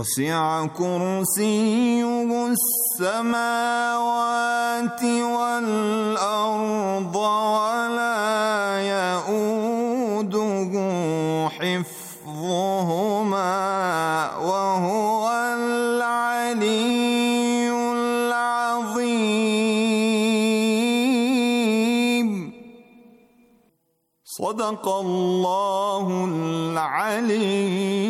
وسع كرسيه السماوات والأرض ولا يئوده حفظهما وهو العلي العظيم صدق الله العليم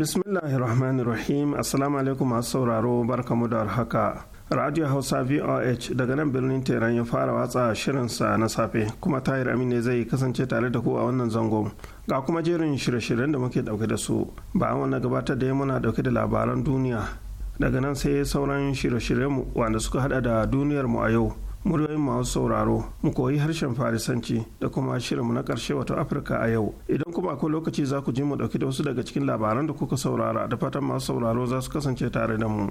Bismillahirrahmanirrahim. Assalamu alaikum masu sauraro barkamu da haka. Radio Hausa VOH daga nan birnin Teran ya fara watsa shirinsa na safe kuma Tahir ne zai kasance tare da ku a wannan zangon. Ga kuma jerin shirye-shiryen da muke dauke da su. Ba wannan gabatar da muna dauke da labaran duniya. Daga nan sai sauran shirye-shiryenmu wanda suka hada da duniyarmu a yau. muryoyin masu sauraro mu koyi harshen farisanci da kuma shirinmu na ƙarshe wato afirka a yau idan kuma akwai lokaci za ku ji mu ɗauki da wasu daga cikin labaran da kuka saurara da fatan masu sauraro za su kasance tare da mu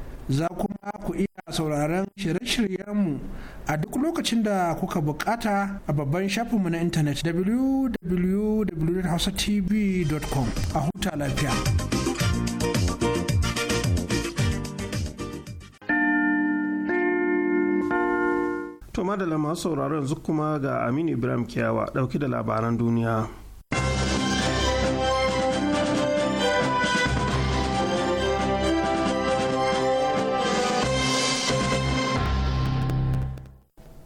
za kuma ku iya sauraron shirye-shiryenmu a duk lokacin da kuka bukata a babban shafinmu na intanet www.hausatv.com a huta lafiya. To madalla masu sauraron yanzu kuma ga Aminu Ibrahim Kiyawa ɗauke da labaran duniya.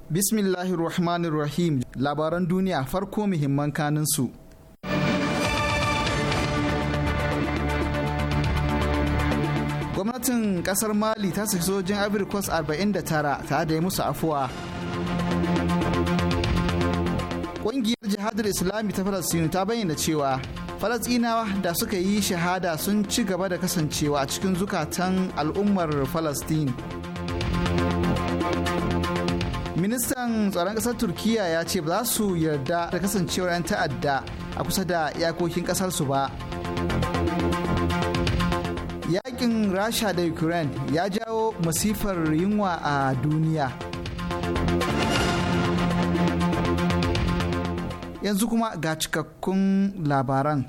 Bismillahir Rahmanir Rahim labaran duniya farko muhimman kanin su. Gwamnatin kasar Mali ta saki sojin Ivory 49 tare da yi musu afuwa. Ƙungiyar jihadar Islami ta Falasini ta bayyana cewa Falasinawa da suka yi shahada sun ci gaba da kasancewa a cikin zukatan al'ummar Falastin. ministan tsaron ƙasar Turkiyya ya ce ba za su yarda da kasancewar 'yan ta'adda a kusa da iyakokin su ba yakin rasha da ukraine ya jawo masifar yunwa a duniya yanzu kuma ga cikakkun labaran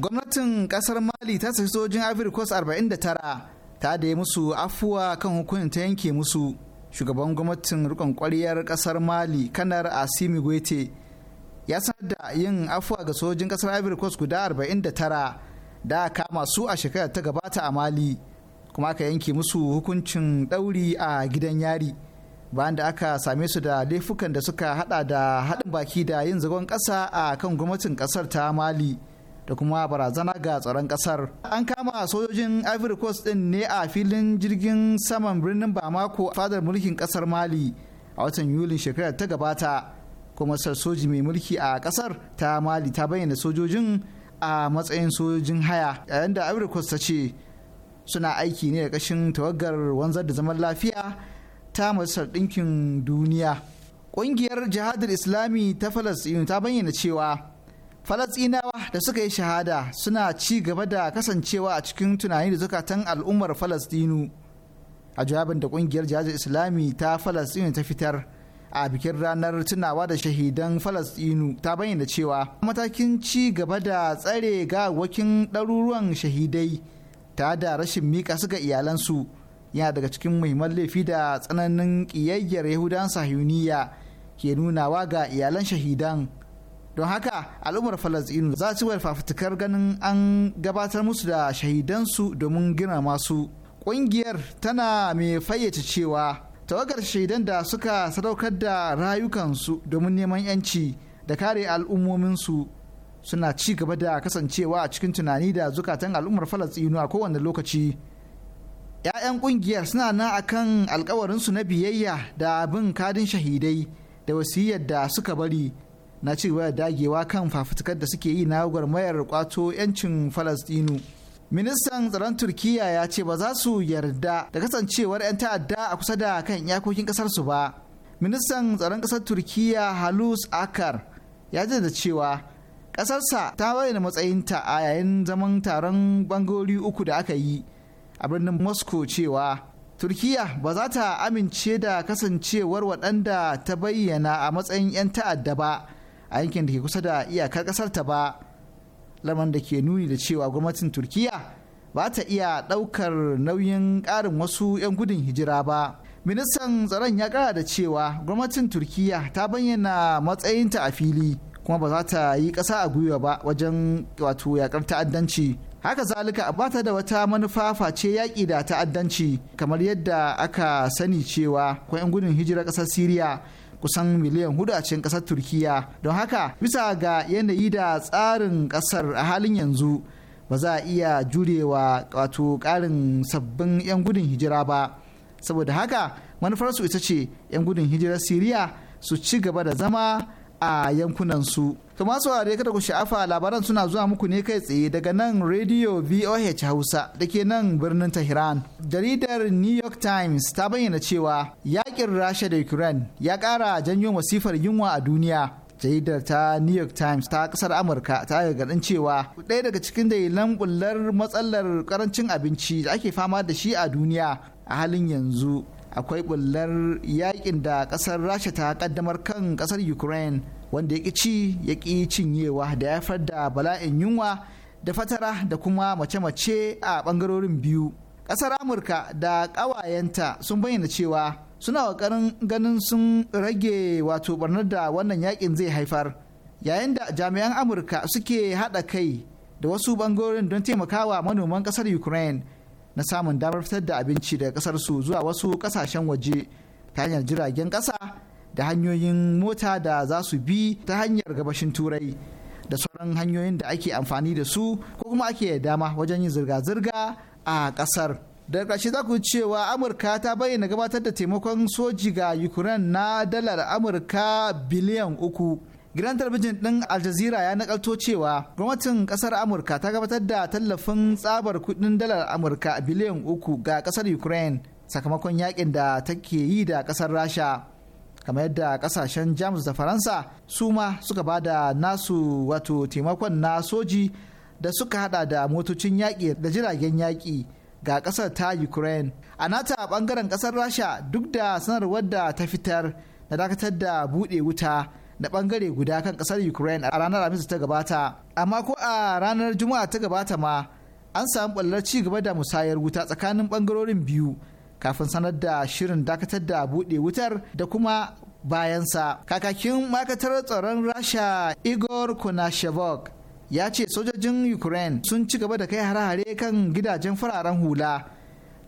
gwamnatin kasar mali ta saki sojin ivory coast 49 ta da musu afuwa kan hukunta ta yanke musu shugaban gwamnatin rikon kwariyar kasar mali kanar asimi goite ya sanar da yin afuwa ga sojin kasar ivory coast guda 49 da kama su a shekarar ta gabata a mali kuma aka yanke musu hukuncin ɗauri a gidan yari bayan da aka same su da laifukan da suka hada da haɗin baki da yin zagon ƙasa a kan gwamnatin ƙasar ta mali da kuma barazana ga tsaron kasar. An kama sojojin Ivory Coast din ne a filin jirgin saman birnin Bamako a fadar mulkin kasar Mali a watan Yulin shekarar ta gabata. Kuma soji mai mulki a kasar ta Mali ta bayyana sojojin a matsayin sojojin haya yayin da Ivory Coast ta ce suna aiki ne da kashin tawagar wanzar da zaman lafiya ta Majalisar Ɗinkin Duniya. Ƙungiyar Jihadar Islami ta Falas ta bayyana cewa Falasɗinawa da suka yi shahada suna ci gaba da kasancewa a cikin tunani da zukatan al'ummar Falasɗinu. A jawabin da ƙungiyar jihar Islami ta Falasɗinu ta fitar a bikin ranar tunawa da shahidan Falasɗinu ta bayyana cewa matakin ci gaba da tsare gawakin ɗaruruwan shahidai ta da rashin miƙa su ga iyalansu yana daga cikin muhimman laifi da tsananin ƙiyayyar Yahudan Sahiyuniya ke nunawa ga iyalan shahidan. don haka al'ummar falasɗinu za su wayar fafutukar ganin an gabatar musu da shahidansu domin gina masu. ƙungiyar tana mai fayyace cewa tawagar shaidan da suka sadaukar da rayukansu domin neman 'yanci da kare al'ummominsu suna ci gaba da kasancewa a cikin tunani da zukatan al'ummar falastinu a kowane lokaci ‘ya'yan ƙungiyar suna nan akan alkawarinsu na biyayya da bin kadin shahidai da wasiyar da suka bari na ci gaba da dagewa kan fafutukar da suke yi na gwarmayar kwato 'yancin falastinu ministan tsaron turkiya ya ce ba za su yarda da kasancewar 'yan ta'adda a kusa da kan iyakokin kasarsu ba ministan tsaron kasar turkiya halus akar ya da cewa kasarsa ta bayyana ta a yayin zaman taron bangori uku da aka yi a birnin moscow cewa turkiya ba za ta amince da kasancewar waɗanda ta bayyana a matsayin 'yan ta'adda ba a yankin da ke kusa da iyakar kasar ta ba lamar da ke nuni da cewa gwamnatin turkiya ba ta iya ɗaukar nauyin ƙarin wasu 'yan gudun hijira ba ministan tsaron ya kara da cewa gwamnatin turkiya ta bayyana matsayinta a fili kuma ba za ta yi kasa a gwiwa ba wajen wato yakar ta'addanci haka zalika ba ta da wata manufa face yaƙi da ta'addanci kamar yadda aka sani cewa kwan gudun hijirar ƙasar siriya kusan miliyan hudu a cikin kasar turkiya don haka bisa ga yanayi da tsarin kasar a halin yanzu ba za a iya jurewa wato karin sabbin 'yan gudun hijira ba saboda haka manufarsu ita ce 'yan gudun hijirar siriya su ci gaba da zama a yankunansu. su To masu ware kada ku sha'afa labaran suna zuwa muku ne kai tsaye daga nan Radio VOH Hausa da ke nan birnin Tehran. Jaridar New York Times ta bayyana cewa yakin Rasha da Ukraine ya ƙara janyo masifar yunwa a duniya. jaridar ta new york times ta kasar amurka ta gargadin cewa ɗaya daga cikin dalilan bullar matsalar karancin abinci da ake fama da shi a duniya a halin yanzu akwai bullar yakin da ƙasar rasha ta ƙaddamar kan ƙasar ukraine wanda ya ci ya ƙi cinyewa da ya da bala'in yunwa da fatara da kuma mace-mace a bangarorin biyu ƙasar amurka da ƙawayenta sun bayyana cewa suna ƙoƙarin ganin sun rage wato barnar da wannan yakin zai haifar yayin da jami'an amurka suke haɗa kai da wasu ɓangarorin don taimakawa manoman ƙasar ukraine na samun damar fitar da abinci daga ƙasarsu zuwa wasu ƙasashen waje ta hanyar jiragen ƙasa da hanyoyin mota da za su bi ta hanyar gabashin turai da sauran hanyoyin da ake amfani da su ko kuma ake dama wajen yin zirga-zirga a ƙasar. da ƙarshe za ku cewa amurka ta bayyana gabatar da taimakon soji ga ukraine na dalar amurka biliyan uku gidan talabijin ɗin aljazira ya nakalto cewa gwamnatin ƙasar amurka ta gabatar da tallafin tsabar kuɗin dalar amurka biliyan uku ga ƙasar ukraine sakamakon yakin da take yi da ƙasar rasha kamar yadda kasashen jamus da faransa su ma suka ba da nasu wato taimakon na soji da suka hada da motocin yaƙi da jiragen yaƙi ga ƙasar ta ukraine a nata ɓangaren ƙasar rasha duk da sanarwar da ta fitar na dakatar da buɗe wuta na bangare guda kan ƙasar ukraine a ranar alhamis ta gabata amma ko a ranar juma'a ta gabata ma an samu ɓallar ci gaba da musayar wuta tsakanin bangarorin biyu kafin sanar da shirin dakatar da buɗe wutar da kuma bayansa kakakin makatar tsaron rasha igor konashevok ya ce sojojin ukraine sun ci gaba da kai hare-hare kan gidajen fararen hula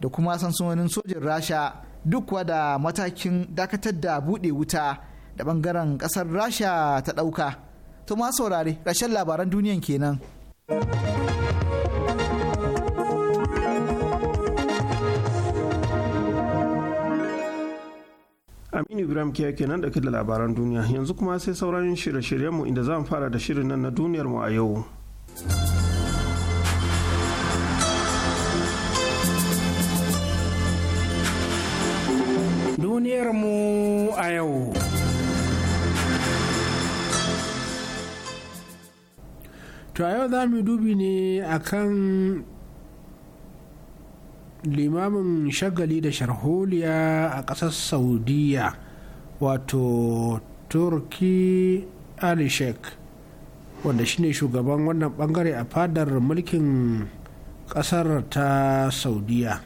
da kuma sansunonin sojin rasha duk kuwa da matakin dakatar da buɗe wuta da ɓangaren ƙasar rasha ta ɗauka to ma saurare ƙarshen labaran duniyan kenan. Aminu Ibrahim ke nan da da labaran duniya yanzu kuma sai sauran shirye-shiryenmu inda za mu fara da shirin nan na duniyar mu a yau. Duniyar mu a yau. To a yau za mu dubi ne akan limamin shagali da sharholiya a ƙasar saudiya wato turki alishek wanda wanda shine shugaban wannan bangare a fadar mulkin ƙasar ta saudiya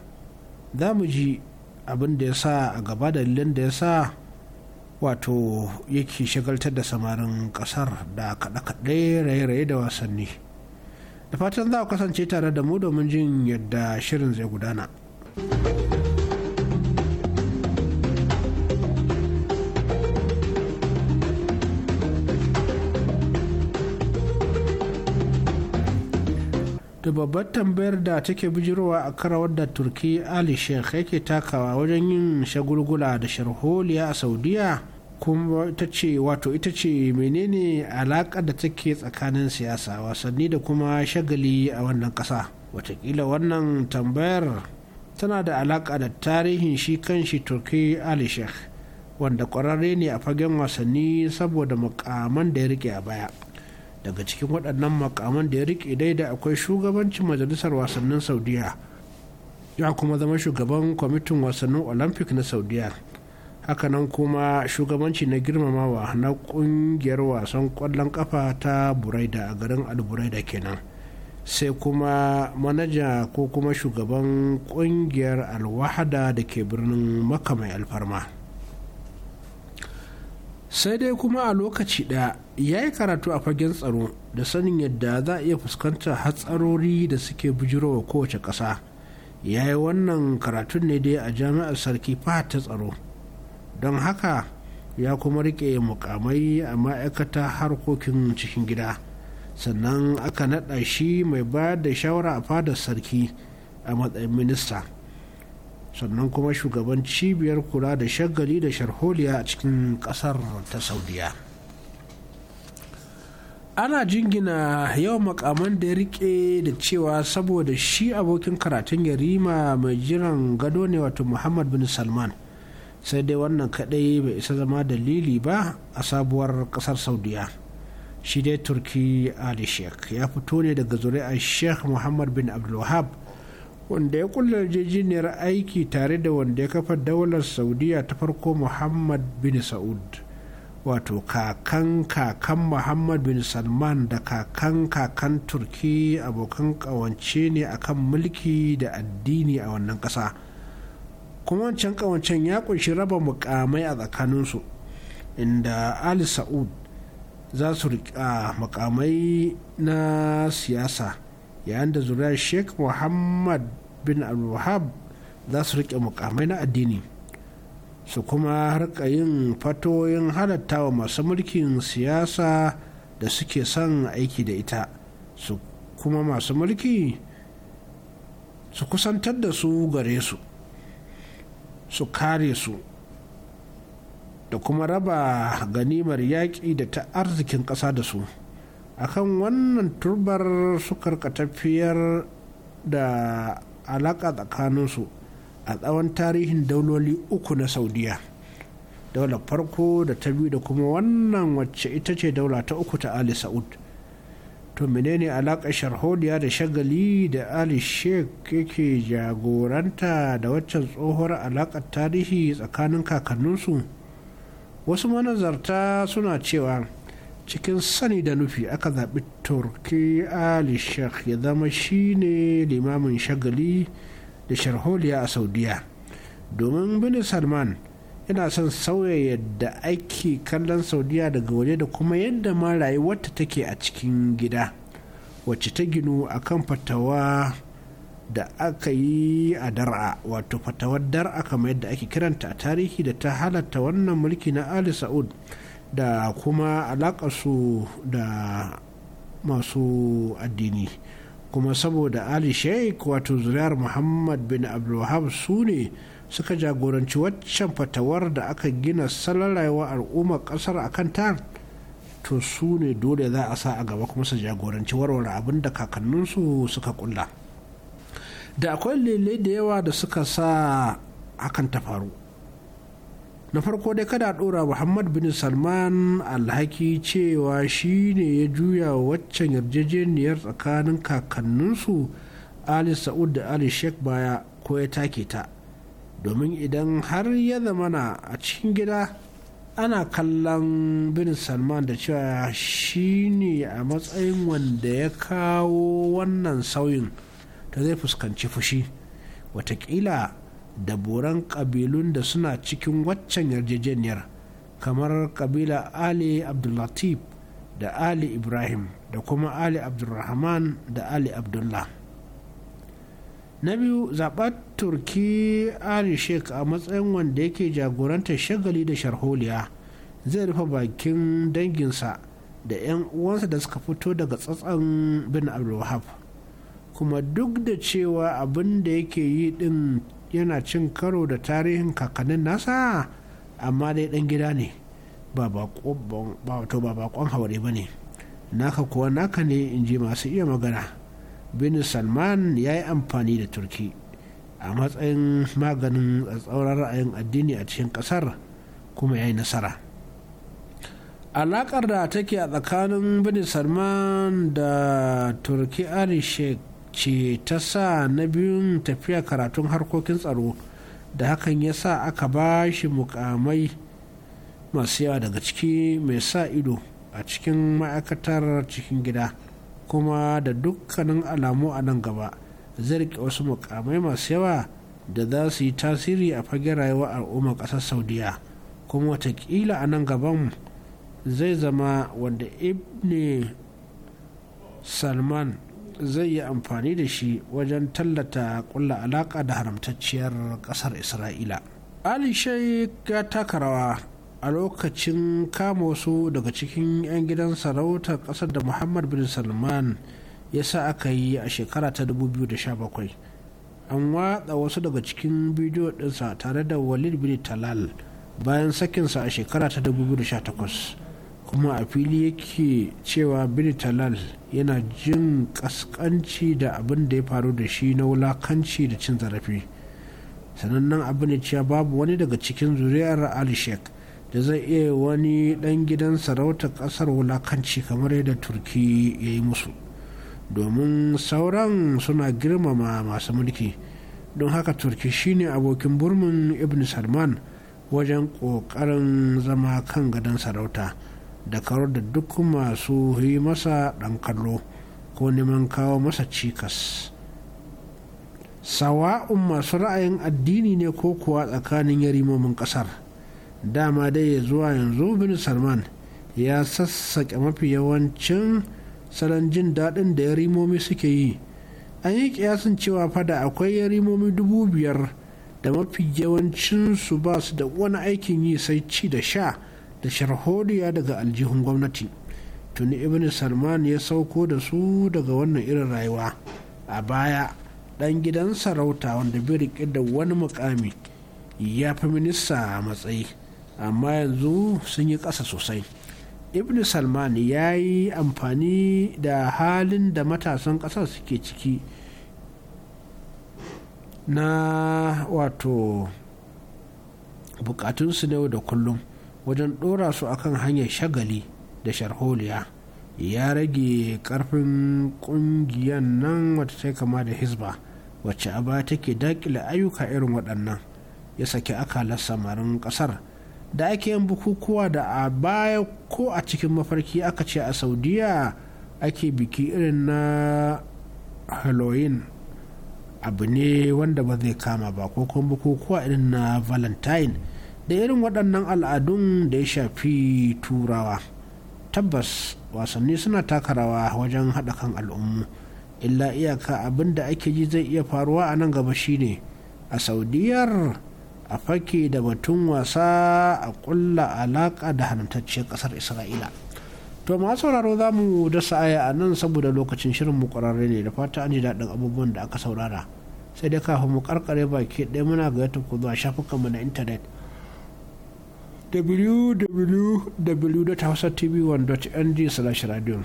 za mu ji abin da ya sa a gaba dalilin da ya sa wato yake shagaltar da samarin ƙasar da kaɗe-kaɗe raye-raye da wasanni da fatan za ku kasance tare da mu domin jin yadda shirin zai gudana. da babbar tambayar da take bijirowa a karawar da turki ali sheikh yake takawa wajen yin shagulgula da sharholiya a saudiya kuma ita ce wato ita ce menene alaƙa da take tsakanin siyasa wasanni da kuma shagali a wannan ƙasa watakila wannan tambayar tana da alaƙa da tarihin shi kan shi turki ali sheikh wanda ƙwararre ne a fagen wasanni saboda makaman da ya rike a baya daga cikin waɗannan makaman da ya rike dai da akwai shugabancin majalisar wasannin saudiya ya kuma zama shugaban kwamitin wasannin olympic na saudiya hakanan kuma shugabanci na girmamawa na kungiyar wasan kwallon kafa ta buraida a garin alburaida kenan sai kuma manaja ko kuma shugaban kungiyar alwahada da ke birnin maka mai alfarma sai dai kuma a lokaci ɗaya ya yi karatu a fagen tsaro da sanin yadda za a iya fuskantar hatsarori da suke bujirowa kowace ƙasa ya yi wannan karatun ne dai a jami'ar sarki fahad ta tsaro don haka ya kuma rike mukamai a ma'aikata harkokin cikin gida sannan aka naɗa shi mai bayar da shawara a fadar sarki a matsayin minista sannan kuma shugaban cibiyar kula da shagali da sharholiya a cikin ƙasar ta saudiya ana jingina yawan makaman da ya rike da cewa saboda shi abokin karatun yarima mai jiran gado ne wato muhammad bin salman sai dai wannan kadai bai isa zama dalili ba a sabuwar kasar saudiya shi dai turki ali sheikh ya fito ne daga zuri'ar sheikh muhammad bin abdulwahab wanda ya kulla jejiniyar aiki tare da wanda ya kafa daular saudiya ta farko muhammad bin sa'ud wato kakan kakan muhammad bin salman da kakan kakan turki abokan kawance ne akan mulki da addini a wannan kasa. kuma wancan kawancen ya kunshi raba mukamai a tsakaninsu inda ali sa'ud za su riƙa mukamai na siyasa yayin da zuriyar sheikh muhammad bin al al-wahab za su riƙe mukamai na addini su kuma harka yin fatoyin halatta wa masu mulkin siyasa da suke son aiki da ita su kuma masu mulki su kusantar da su gare su su kare su da kuma raba ganimar yaƙi da ta arzikin ƙasa da su akan wannan turbar su tafiyar da alaƙa tsakaninsu a tsawon tarihin dauloli uku na saudiya daular farko da ta biyu da kuma wannan wacce ita ce daula ta uku ta ali sa'ud to menene alaƙa sharholiya da shagali da ali sheik yake jagoranta da waccan tsohuwar alaƙar tarihi tsakanin kakanninsu wasu manazarta suna cewa cikin sani da nufi aka zaɓi turki ali sheik ya zama shine limamin shagali da sharholiya a saudiya domin bin salman ina son sauya yadda ake kallon saudiya daga waje da kuma yadda ma rayuwarta take a cikin gida wacce ta ginu a kan fatawa da aka yi a dar'a wato fatawar dar'a kamar yadda ake kiranta a tarihi da ta halatta wannan mulki na ali sa'ud da kuma alakasu da masu addini kuma saboda ali sheik wato zuriyar muhammad bin abdulwahab su ne suka jagoranci waccan fatawar da aka gina salon rayuwar al'ummar kasar a kan ta to su ne dole za a sa a gaba kuma su jagoranci warware abin da kakanninsu suka kulla da akwai lele da yawa da suka sa hakan ta faru na farko dai kada dora muhammad bin salman alhaki cewa shi ne ya juya waccan yarjejeniyar tsakanin kakanninsu ali sa'ud da ali sheikh baya ko ya take ta domin idan har ya zamana a cikin gida ana kallon bin salman da cewa shi ne a matsayin wanda ya kawo wannan sauyin ta zai fuskanci fushi watakila da boran kabilun da suna cikin waccan yarjejeniyar kamar kabila ali abdullatif da ali ibrahim da kuma ali abdulrahman da ali abdullah na biyu zaɓar turki ali sheik a matsayin wanda yake jagorantar shagali da sharholiya zai rufe bakin danginsa da 'yan uwansa da suka fito daga tsatsan bin abdulwahab kuma duk da cewa abin da yake yi din yana cin karo da tarihin kakannin nasa amma dai dan gida ne ba bakon haure ba ne naka kuwa naka ne in ji masu iya magana bin salman ya yi amfani da turki a matsayin maganin tsauran ra'ayin addini a cikin kasar kuma ya yi nasara alakar da take a tsakanin bin salman da turki arishek ce ta sa na biyun tafiya karatun harkokin tsaro da hakan ya sa aka ba shi mukamai masu yawa daga ciki mai sa ido a cikin ma'aikatar cikin gida kuma da dukkanin alamu a nan gaba zai rike wasu mukamai masu yawa da za su yi tasiri a fage rayuwar al'ummar ƙasar saudiya kuma watakila a nan gaban zai zama wanda ibne salman zai yi amfani da shi wajen tallata kulla alaƙa da haramtacciyar ƙasar isra'ila ali sheik ya taka rawa a lokacin kama wasu daga cikin 'yan gidan sarauta ƙasar da muhammad bin salman ya sa aka yi a shekara ta 2017 an watsa wasu daga cikin bidiyo ɗinsa tare da walid bin talal bayan sakinsa a shekara ta 2018 kuma a fili yake cewa bin talal yana jin kaskanci da abin da ya faru da shi na wulakanci da cin zarafi sanannen abin ne babu wani daga cikin zuriyar al sheikh da zai iya wani ɗan gidan sarauta ƙasar wulakanci kamar yadda turki ya yi musu domin sauran suna girmama masu mulki don haka turki shine abokin burmin ibn salman wajen ƙoƙarin zama kan gadon sarauta da kawar da duk masu yi masa ɗan kallo ko neman kawo masa cikas sawa'un masu ra'ayin addini ne ko kuwa tsakanin yarimomin ƙasar dama dai ya zuwa yanzu bin salman ya sassaƙa mafi yawancin salon jin daɗin da yarimomi suke yi an yi kiyasin cewa fada akwai yarimomi dubu biyar da mafi yawancinsu ba su da wani aikin yi sai ci da sha da sharhodiya daga aljihun gwamnati tuni ibn salman ya sauko da su daga wannan irin rayuwa a baya ɗan gidan sarauta wanda bai riƙe da wani mukami ya fi minista a matsayi amma yanzu sun yi ƙasa sosai ibn salman ya yi amfani da halin da matasan ƙasar suke ciki na wato bukatunsu na yau da kullum wajen ɗora su akan hanyar shagali da sharholiya ya rage ƙarfin ƙungiyar nan wata ta kama da hisba wacce a baya take daƙile ayyuka irin waɗannan ya saki akalar samarin ƙasar da ake yin bukukuwa da a baya ko a cikin mafarki aka ce a saudiya ake biki irin na halloween abu ne wanda ba zai kama ba ko kuma bukukuwa irin na valentine da irin waɗannan al'adun da ya shafi turawa tabbas wasanni suna taka rawa wajen haɗa kan al'ummu illa iyaka abin da ake ji zai iya faruwa a nan gaba shine a saudiyar a fake da batun wasa a kulla alaka da halittacce kasar isra'ila to ma sauraro za mu dasa aya a nan saboda lokacin shirin mu kwararre ne da fata an ji daɗin abubuwan da aka saurara sai dai kafin mu karkare baki ɗaya muna ga yata ku zuwa mu na intanet www.hausatv1.ng slash radio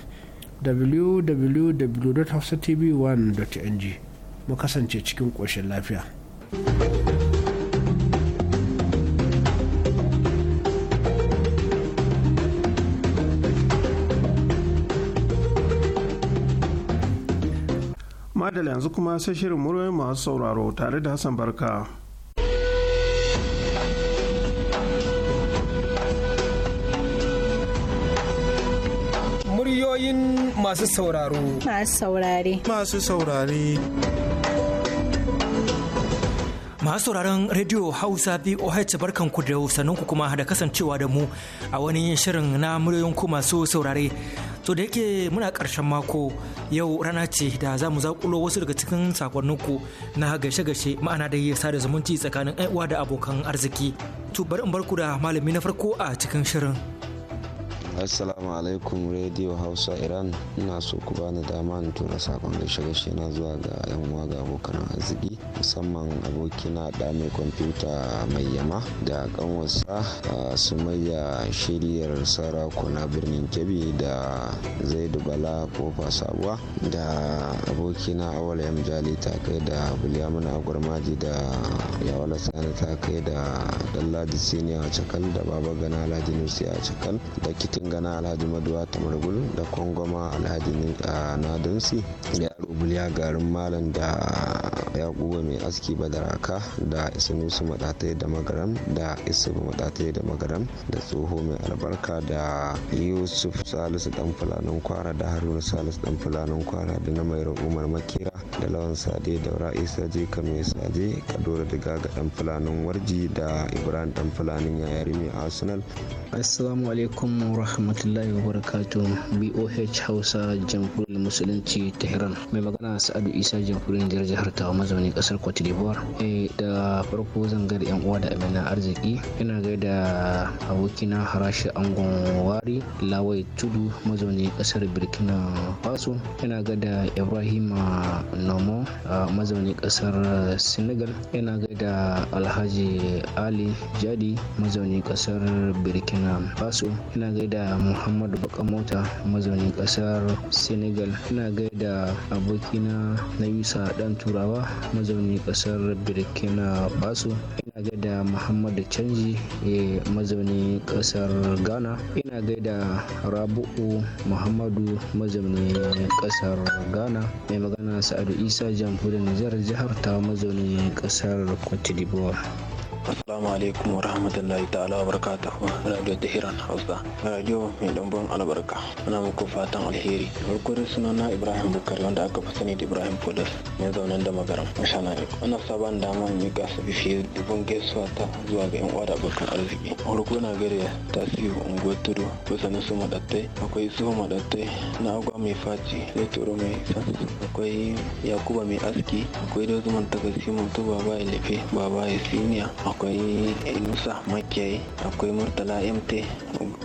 www.hausatv1.ng mu kasance cikin ƙoshin lafiya. thank you madala yanzu kuma sai shirin muryoyin masu sauraro tare da hassan barka muryoyin masu sauraro masu saurare masu saurare masu sauraron rediyo hausa boh barkanku da sannan ku kuma da kasancewa da mu a wani shirin na muryoyin ku masu saurare To da yake muna karshen mako yau rana ce da za mu zaƙulo wasu daga cikin sakonninku na gashe-gashe ma'ana da yi sada zumunci tsakanin uwa da abokan arziki. To bari in barku da malami na farko a cikin shirin. assalamu alaikum radio hausa iran ina so ku bani dama in tura sakon gaishe gaishe na zuwa ga yan uwa ga abokan arziki musamman abokina da mai kwamfuta mai yama da kanwarsa sumayya shiriyar na birnin kebbi da zaidu bala kofa sabuwa da abokina awal jali ta kai da bulyamuna gwarmaji da yawala sani ta kai da da siniya a cakal da baba gana ladi nusi a cakal da kitin gana alhaji maduwa tamargul da kwangwama alhaji ah, nadunsi da Rubuliya garin Malam da ya Yakuba mai aski badaraka da Isinusu Matatai da Magaram da Isubu Matatai da Magaram da Tsoho mai albarka da Yusuf Salisu dan fulanin kwara da Haruna Salisu dan fulanin kwara da na mai Umar Makira da Lawan Sade da Ra'isa ka mai Sade Kadura Diga ga dan fulanin Warji da Ibrahim dan fulanin Yayari mai Arsenal. Assalamu alaikum wa rahmatullahi wa barakatuh. BOH Hausa Jamhuriyar Musulunci Tehran. mai magana sa'adu isa jamhuriyar jihar jihar tawa mazauni kasar cote d'ivoire eh, da farko zan gaida yan uwa da amina arziki ina gaida abokina harashi angon wari lawai tudu mazauni kasar burkina faso ina gaida Ibrahim nomo mazauni kasar senegal ina gaida alhaji ali jadi mazauni kasar burkina faso ina gaida muhammadu bakamota mazauni kasar senegal ina gaida abokina na yusa dan turawa mazaunin ƙasar birkina faso ina gaida muhammadu canji eh, mazaunin ƙasar ghana ina gaida rabu'u muhammadu mazauni ƙasar ghana mai magana sa'adu isa jamhuriyar nijar jihar ta mazaunin ƙasar cote d'ivoire Assalamu alaikum warahmatullahi rahmatullahi ta'ala wa radiyo Radio Tehran Hausa. Radio mai lambun albarka. Ana muku fatan alheri. Farko sunana suna na Ibrahim Bukari wanda aka fi sani da Ibrahim Polis mai zaunan da magaram. Masha Allah. Ana saban dama mai gasa bifi dubun gaisuwa ta zuwa ga yan uwa da abokan arziki. Farko na ta tasiri unguwar tudu kusa na su madattai. Akwai su madattai na agwa mai faci turo mai sassu. Akwai Yakuba mai aski. Akwai da dozuman tagasi mutu baba ya lefe baba ya siniya. akwai inusa makiyayi akwai murtala mt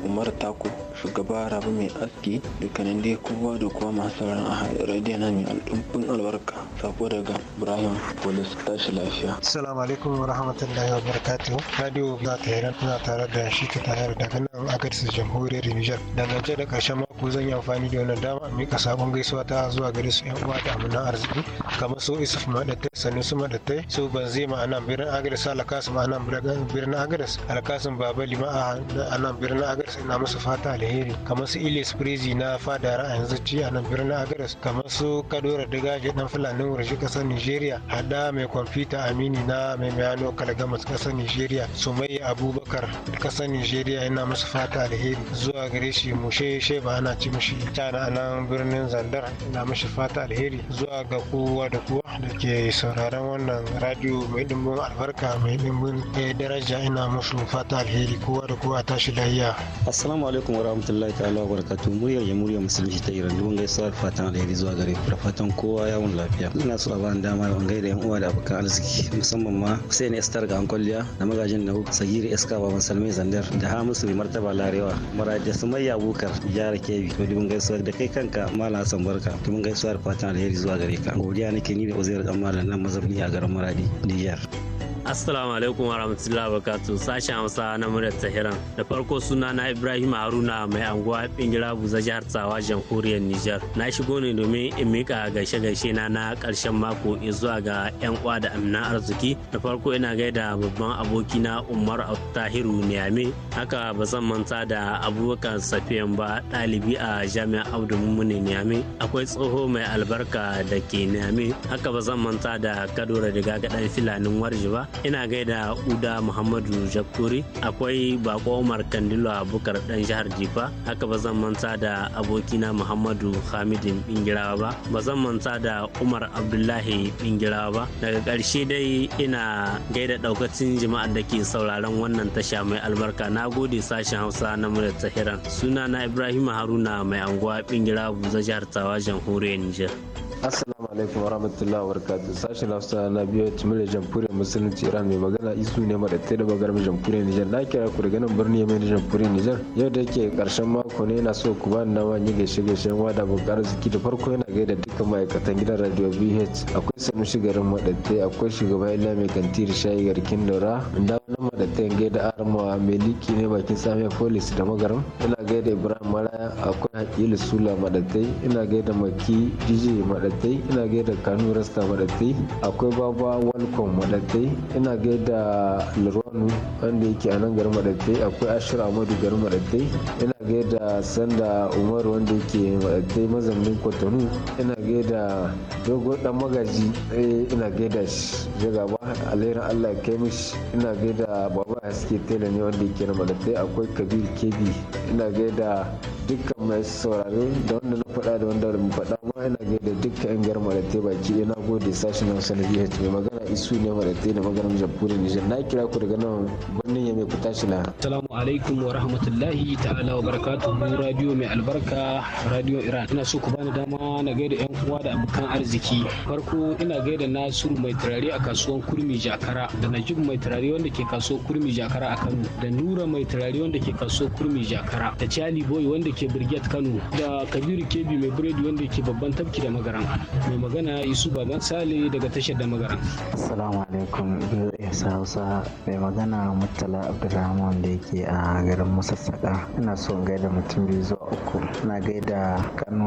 umar taku shugaba rabu mai aski dukkanin dai kowa da kowa masu sauran a radiyon na mai al'umbin albarka sako daga ibrahim polis tashi lafiya assalamu alaikum wa rahmatullahi wa barakatuhu radio za ta yi tana tare da shi ta tare daga nan agadis jamhuriyar nijar dangance da karshen mako zan yi amfani da wannan dama ka sabon gaisuwa ta zuwa gare su yan uwa da amina arziki kamar su isuf maɗattai sannu su maɗattai su banzema a nan birnin agadas alakasim a nan birnin agadas alakasim babali ma a nan birnin agadas ina musu fata alheri alheri kamar su ilis prezi na fada ra'ayin zuci a nan birnin agadas kamar su kadora daga dan fulani wurin kasar nigeria hada mai kwamfuta amini na mai mayano kalgamas kasar nigeria mai abubakar kasar nigeria yana musu fata alheri zuwa gare shi mushe ba ana ci mushi ta na nan birnin zandar na mushi fata alheri zuwa ga kowa da kowa da ke sauraron wannan radio mai dimbin albarka mai dimbin eh, daraja ina musu fata alheri kowa da kowa tashi lahiya assalamu alaikum rahmatullahi ta'ala wa barakatu muryar jamhuriyar musulunci ta iran dubin gaisuwa da fatan alheri zuwa gare ku da fatan kowa yawon lafiya ina so a bani dama ban gaida yan uwa da abokan arziki musamman ma hussein estar ga kwalliya da magajin na sagiri eska baban salmai zandar da hamisu musu martaba larewa mara da sumayya bukar jihar kebi ko dubin gaisuwa da kai kanka malam hassan barka dubin gaisuwa da fatan alheri zuwa gare ka godiya nake ni da uzair dan da nan mazabni a garin maradi niger Assalamu alaikum wa rahmatullahi wa barakatuh sashen Hausa na muryar Tahiran. Da farko suna na Ibrahim Haruna mai anguwa Bingira Buza jihar Tsawa jamhuriyar Nijar. Na shigo ne domin in mika gaishe gaishe na na karshen mako zuwa ga yan uwa da amina arziki. Da farko ina gaida babban aboki na Umar Tahiru Niyame. Haka ba zan manta da Abubakar Safiyan ba ɗalibi a Jami'ar audu Mumuni Niyame. Akwai tsoho mai albarka da ke Niyame. Haka ba zan manta da Kadora, Diga Gaɗan Filanin Warji ba. ina gaida uda muhammadu jakuri akwai bako umar kandilo abubakar dan jihar jifa haka ba zan manta da abokina muhammadu hamidin bingirawa ba ba zan manta da umar abdullahi bingirawa ba daga ƙarshe dai ina gaida ɗaukacin jama'ar da ke sauraron wannan tasha mai albarka na gode sashen hausa na ta tahiran suna na ibrahim haruna mai anguwa bingirawa buza jihar tawa jamhuriyar niger assalamu alaikum warahmatullahi wabarakatuh sashen hausa na biyu da jamhuriyar musulunci iran mai magana isu ne ta da bagar jamhuriyar nijar na kira ku daga nan birni mai jamhuriyar nijar yau da ke karshen mako ne na so ku bani nawa yi gaishe gaishe yan wada bukar ziki da farko yana gaida dukkan ma'aikatan gidan radio bh akwai sanu shigarin madattai akwai shugaba ila mai kantir shayi garkin daura da wani gaida arma mai liki ne bakin samiya polis da magarin ina gaida ibrahim maraya akwai hakilu sula madattai ina gaida maki dj madattai madattai ina gaida kanu rasta madattai akwai baba walcom madattai ina gaida lurwanu wanda yake a nan garin madattai akwai ashir amadu garin madattai ina gaida sanda umaru wanda yake madattai mazaunin kwatano ina gaida dogon dan magaji eh, ina gaida shi gaba alherin allah ya kai mishi ina gaida baba haske tela ne wanda yake na madattai akwai kabir kebi ina gaida dukkan mai sauraro da wanda na faɗa da wanda mu faɗa ma ina gaida dukkan yan gar maratai baki ina gode sashen hausa na bh mai magana isu ne maratai da magana jamhuriyar nijar na kira ku daga nan birnin ya mai fita shi na. salamu alaikum wa rahmatullahi ta'ala wa mu radio mai albarka radio iran ina so ku bani dama na gaida yan uwa da abokan arziki farko ina gaida nasiru mai turare a kasuwan kurmi jakara da najib mai turare wanda ke kasuwan kurmi jakara a kano da nura mai turare wanda ke kasuwan kurmi jakara da charlie boy wanda ke birget Kano da Kabiru Kebi mai biredi wanda ke babban tafki da magaran. Mai magana Isu Baban Sale daga tashar da magaran. Assalamu alaikum Isa Hausa mai magana Murtala Abdulrahman da yake a garin Masassaka. Ina so in gaida mutum biyu zuwa uku ina gaida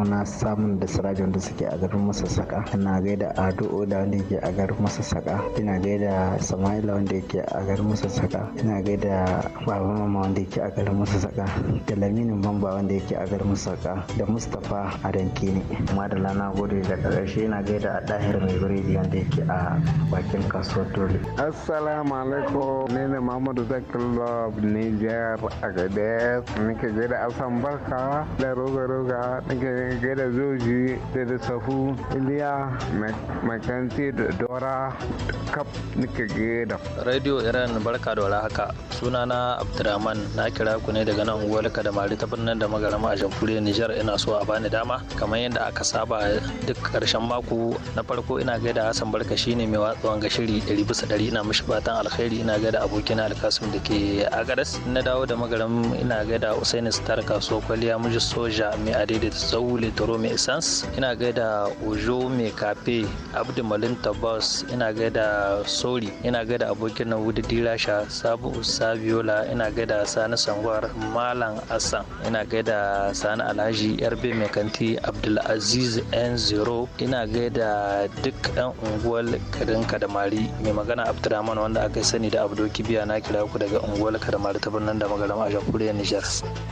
na samun da sirajin da suke a garin masassaka ina gaida ado da wanda yake a garin masassaka ina gaida sama'ila wanda yake a garin masassaka ina gaida baba mama wanda yake a garin masassaka da laminin bamba wanda yake a garin masassaka da mustapha a danke ne da lana gode da karshe ina gaida a dahir mai biredi wanda yake a bakin kasuwar dole assalamu alaikum ne ne mamadu zakir niger a gaida nake gaida asan barka rogawa da roga roga zoji da da safu iliya makanti da dora kap nika gada radio iran barka da wala haka sunana abdurrahman na kira ku ne daga nan da mali ta birnin da magarama a jamhuriyar nijar ina so a bani dama kamar yadda aka saba duk karshen mako na farko ina gaida hassan barka shine mai watsuwan ga shiri bisa ɗari ina mishi fatan alkhairi ina gaida abokina alkasim da ke agaras na dawo da magaram ina gaida usaini star kasuwa kwaliya namiji soja mai adaidaita zaule litoro mai essence ina gaida ojo mai kafe abdu malin tabbas ina gaida sori ina gaida abokin na wudu dirasha sabu usabiola ina gaida sani sangwar malam assan ina gaida sani alhaji yarbe mai kanti abdulaziz n 0 ina gaida duk yan unguwar garin kadamari mai magana abdurrahman wanda aka sani da abdo kibiya na kira ku daga unguwar kadamari ta birnin da magalama a jamhuriyar nijar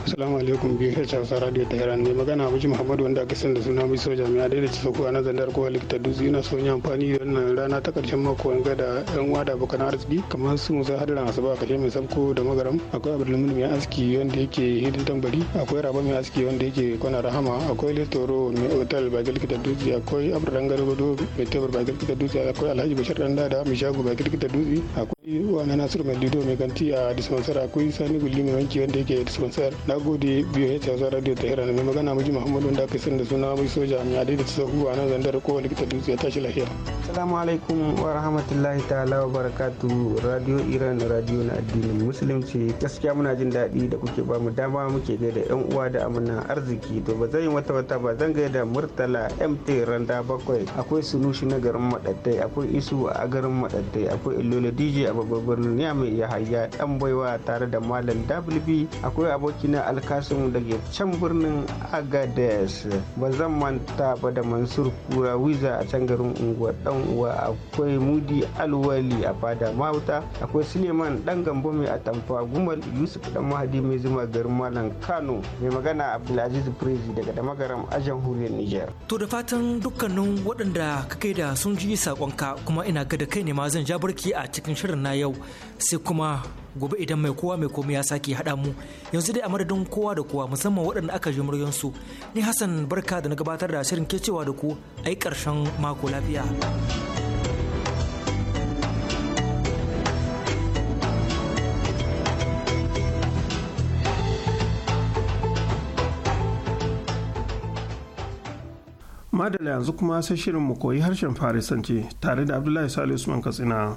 assalamu alaikum sashen Hausa Radio Tehran ne magana Abuji muhammadu wanda aka sani da suna mai soja mai adai da ci a na zandar kowa likita dutse yana son yi amfani da wannan rana ta karshen mako wanga da yan wada da arziki kamar su musa hadiran asuba a kashe mai sabko da magaram akwai abdulmin mai aski wanda yake hidin tambari akwai raba mai aski wanda yake kwana rahama akwai litoro mai otal bakin likita dutse akwai abdurrangar gado gado mai tebur bakin likita dutse akwai alhaji bashar dan dada mai shago bakin likita dutse akwai wani nasiru mai dido mai ganti a dispensar akwai sani gulli mai wanki wanda yake dispensar na gode biyu ya gidan radio ta hira mai magana miji muhammadu da aka da suna mai soja mai adai da ta sahu a nan zandar likita dutse ya tashi lafiya. salamu alaikum wa rahmatullahi ta'ala wa barakatu radio iran radio na addinin musulunci gaskiya muna jin daɗi da kuke ba mu dama muke da yan uwa da amina arziki to ba zan yi wata wata ba zan gaida murtala mt randa bakwai akwai sunushi na garin madaddai akwai isu a garin madaddai akwai illola dj a babban birnin ya mai yahaya dan baiwa tare da malam wb akwai abokina alkasun da ke can birnin agadez ba zan manta ba da mansur kura wiza a can garin unguwa dan uwa akwai mudi alwali a fada mauta akwai suleiman dan gambo mai atamfa gumal yusuf dan mahadi mai zuma garin malam kano mai magana abdulaziz prezi daga damagaram a jamhuriyar niger to da fatan dukkanin waɗanda ka kai da sun ji saƙonka kuma ina ga da kai ne ma zan ja barki a cikin shirin na yau sai kuma gobe idan mai kowa mai komai ya sake haɗa mu yanzu dai a madadin kowa da kowa musamman waɗanda aka ji muryansu ni hassan barka da na gabatar da shirin ke cewa da ku a yi ƙarshen mako lafiya madala yanzu kuma sai shirin mu koyi harshen farisanci tare da abdullahi salisu usman katsina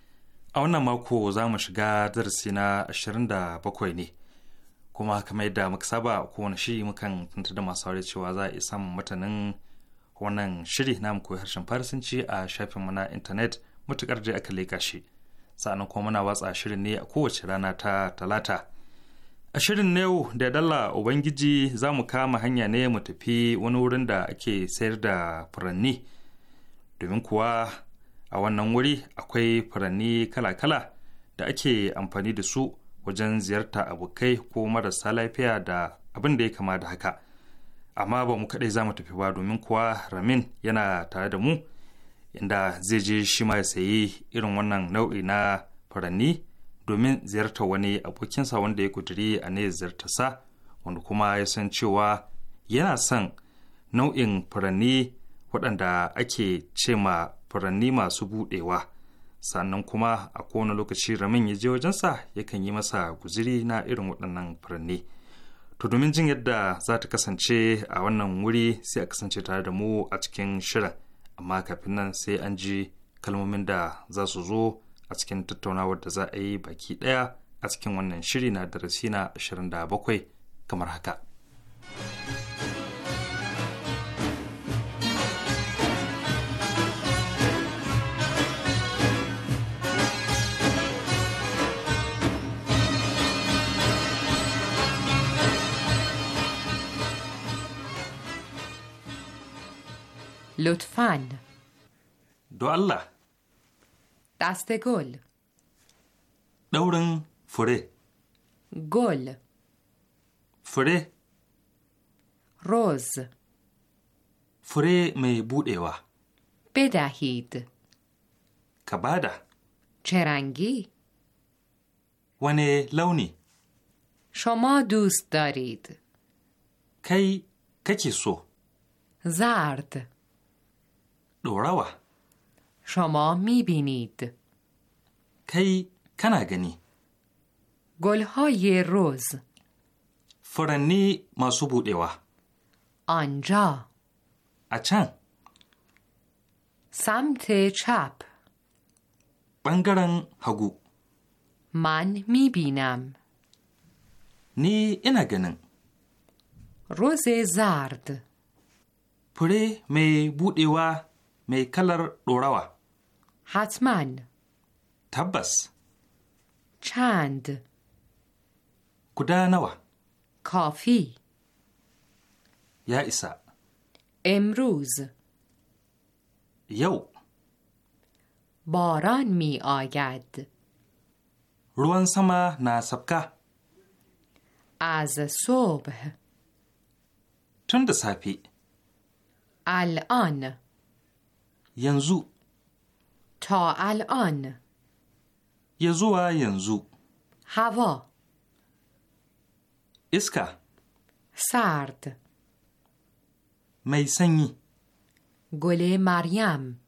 a wannan mako za mu shiga darasi na 27 ne kuma kamar yadda muka saba kowane shiri mukan tuntar da masu aure cewa za a iya samun matanin wannan shiri na mu koyi harshen farisanci a shafin na intanet matukar da aka leka shi sa'annan kuma muna watsa shirin ne a kowace rana ta talata a shirin na yau da dalla ubangiji za mu kama hanya ne mu tafi wani wurin da ake sayar da furanni domin kuwa a wannan wuri akwai furanni kala-kala da ake amfani da su wajen ziyarta abokai ko marasa lafiya da abin da ya kama da haka amma ba mu kaɗai za mu tafi ba domin kuwa ramin yana tare da mu inda zai je shi ma ya sayi irin wannan nau'i na furanni domin ziyartar wani abokinsa wanda ya kudiri a ne sa wanda kuma ya san cewa yana son nau'in furanni waɗanda ake ce ma furanni masu buɗewa sannan kuma a kowane lokaci ramin ya je wajensa yakan yi masa guziri na irin waɗannan furanni to domin jin yadda za ta kasance a wannan wuri sai a kasance tare da mu a cikin shirin amma kafin nan sai an ji kalmomin da za su zo a cikin tattaunawar da za a yi baki ɗaya a cikin wannan shiri na darasi na 27 kamar haka. لطفاً دو الله دست گل دورن فره گل فره روز فره می بوده و بدهید کبادا چرنگی ونه لونی شما دوست دارید کی کچی سو زرد و شما می بینید کی کنگنی گلهای روز فرنی ماسو و آنجا اچن سمت چپ بنگرن هگو من میبینم نی اینا روز زرد پره می و mai kalar ɗorawa. Hatman. Tabbas. Chand. Guda nawa. Kofi. Ya isa. Emruz. Yau. Baran mi ayad. Ruwan sama na safka. Az sobh. Tun da safi. Al'an. an ینزو تا الان یزو و ینزو هوا اسکا سرد میسنگی گل مریم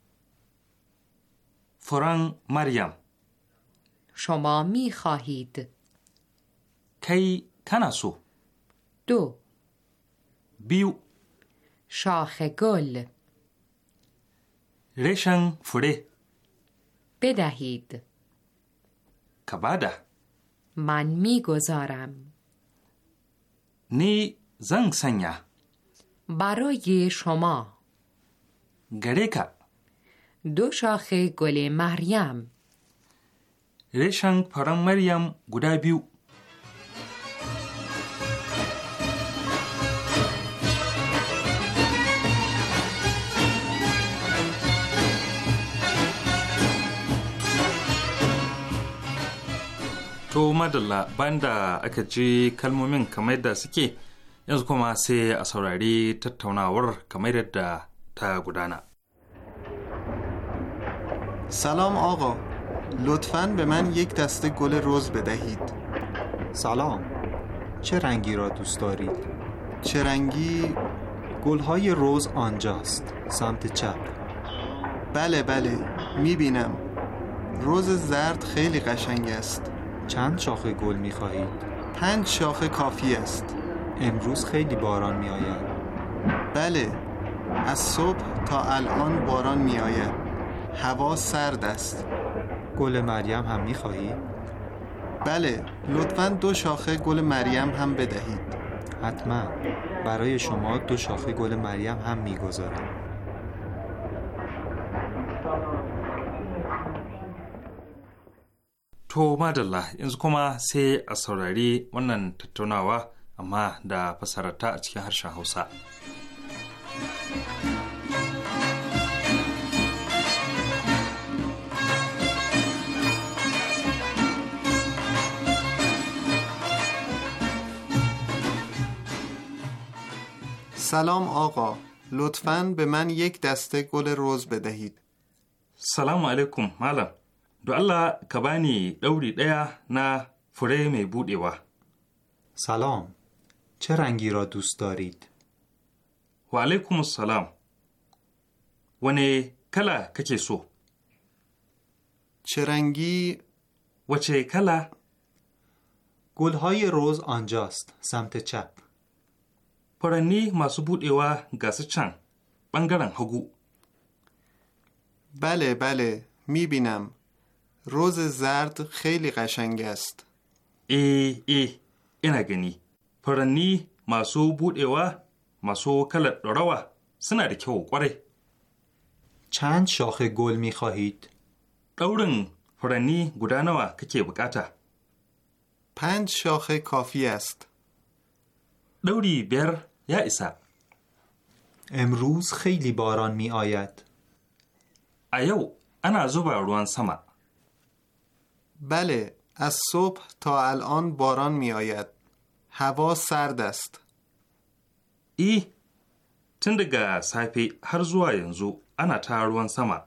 فران مریم شما می خواهید کی تنسو دو بیو شاخ گل رشن فره بدهید کباده من گذارم نی زنگ سنیا برای شما گریکا دو شاخه گل مریم رشنگ پرم مریم گدابیو To madalla banda aka ji kalmomin kamar da suke yanzu kuma sai a saurari tattaunawar kamar yadda ta gudana. سلام آقا لطفا به من یک دسته گل رز بدهید سلام چه رنگی را دوست دارید؟ چه رنگی؟ گلهای روز آنجاست سمت چپ بله بله میبینم روز زرد خیلی قشنگ است چند شاخه گل می خواهید؟ پنج شاخه کافی است امروز خیلی باران می آید بله از صبح تا الان باران می آید هوا سرد است گل مریم هم می خواهی؟ بله لطفا دو شاخه گل مریم هم بدهید حتما برای شما دو شاخه گل مریم هم گذارم To madalla yanzu kuma sai a saurari wannan tattaunawa amma da fasarata a cikin harshen Hausa. سلام آقا لطفا به من یک دسته گل روز بدهید سلام علیکم مالم دو الله کبانی دوری دیا نه فره می بودی سلام چه رنگی را دوست دارید؟ و علیکم السلام ونه کلا کچه سو چه رنگی؟ و چه کلا؟ گلهای روز آنجاست سمت چپ پرنی ماسو بود ایوا چنگ. چند هگو بله بله میبینم روز زرد خیلی قشنگ است. ای ای اینا گنی پرنی ماسو بود و ماسو روه، روا سنر که قره چند شاخه گل می خواهید؟ دورن پرنی گدانوا که بکاتا پنج شاخه کافی است. دوری بر یا ایسا امروز خیلی باران می آید. ایو انا زوبا روان سمه بله از صبح تا الان باران می آید هوا سرد است ای tun گه هر هر زو yanzu انا ta ruwan sama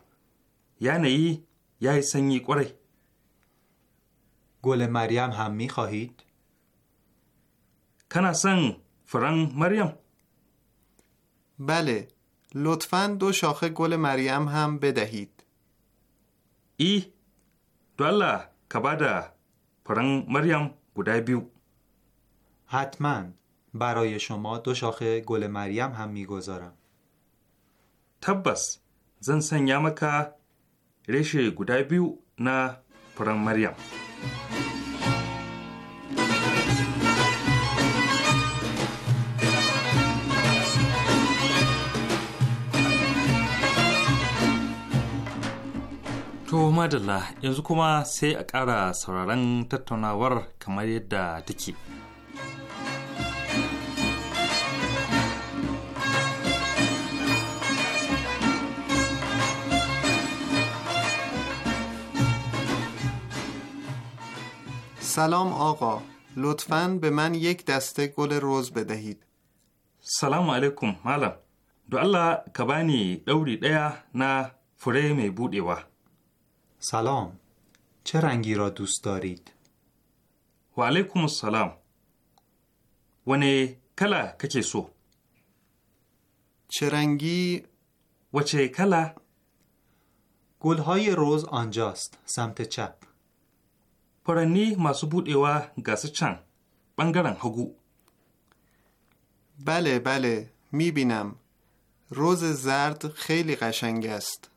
ای ya سنگی گل مریم هم می خواهید؟ کنا سنگ فرنگ بله، لطفا دو شاخه گل مریم هم بدهید. ای، دوله. ka ba da مریم maryam حتما برای شما دو شاخه گل مریم هم میگذارم تبس زن سنیا مکا ریشه بیو نه پران مریم To madalla yanzu kuma sai a ƙara sauraron tattaunawar kamar yadda take. سلام آقا لطفا به من یک دسته گل روز بدهید سلام علیکم مالم دو الله کبانی دوری دیا نه فره می بودی و سلام چه رنگی را دوست دارید؟ و علیکم السلام ونه کلا کچه سو چه رنگی؟ و چه کلا؟ گلهای روز آنجاست سمت چپ پرنی ماسو بود ایوا گاس چن بنگرن هگو بله بله میبینم روز زرد خیلی قشنگ است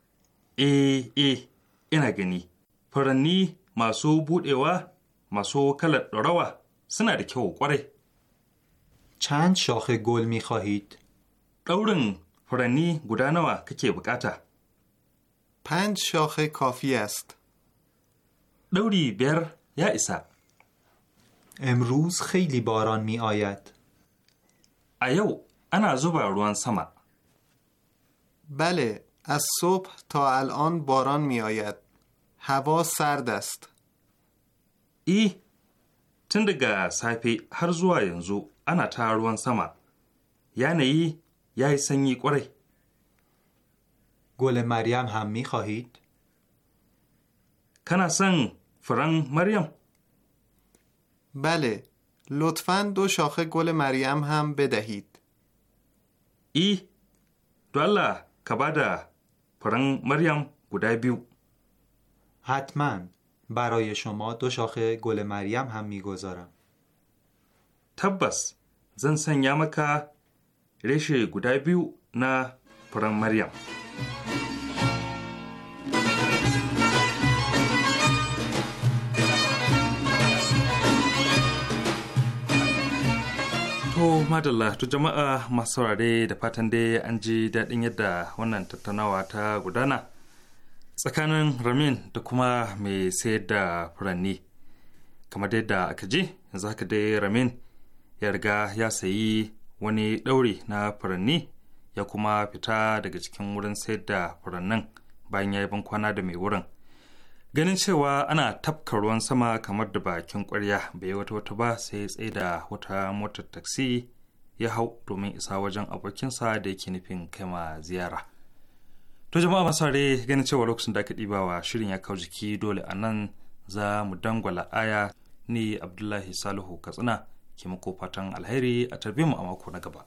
ای ای ina gani furanni masu budewa masu kalar ɗorawa suna da kyau kwarai چند شاخه گل می خواهید؟ دورن فرنی گودانوا ککی بکاتا پنج شاخه کافی است دوری بر یا ایسا امروز خیلی باران می آید ایو انا زوبا روان سما بله از صبح تا الان باران می آید. هوا سرد است. ای گه سایپی هر زواین زو انا روان سما. یعنی ای یای سنگی کوری. گل مریم هم می خواهید؟ کنا سنگ فرنگ مریم. بله. لطفا دو شاخه گل مریم هم بدهید. ای دوالا کبادا پرنگ مریم گده بیو حتما برای شما دو شاخه گل مریم هم میگذارم تبس زن سنیا که ریشه بیو نه پرنگ مریم To madalla to jama'a masu saurare da fatan dai an ji daɗin yadda wannan tattaunawa ta gudana tsakanin ramin da kuma mai sayar da furanni kamar dai da aka ji za ka dai ramin ya riga ya sayi wani ɗauri na furanni ya kuma fita daga cikin wurin sayar da furannin bayan ya yi bankwana da mai wurin. ganin cewa ana tafka ruwan sama kamar da bakin kwarya bai wata wata ba sai tsaye da wata motar taksi ya hau domin isa wajen abokinsa da yake nufin kai ma ziyara to jama'a masu ganin cewa lokacin da aka ɗibawa shirin ya kau jiki dole a nan za mu dangwala aya ni abdullahi salihu katsina ke mako fatan alheri a tarbi mu a mako na gaba.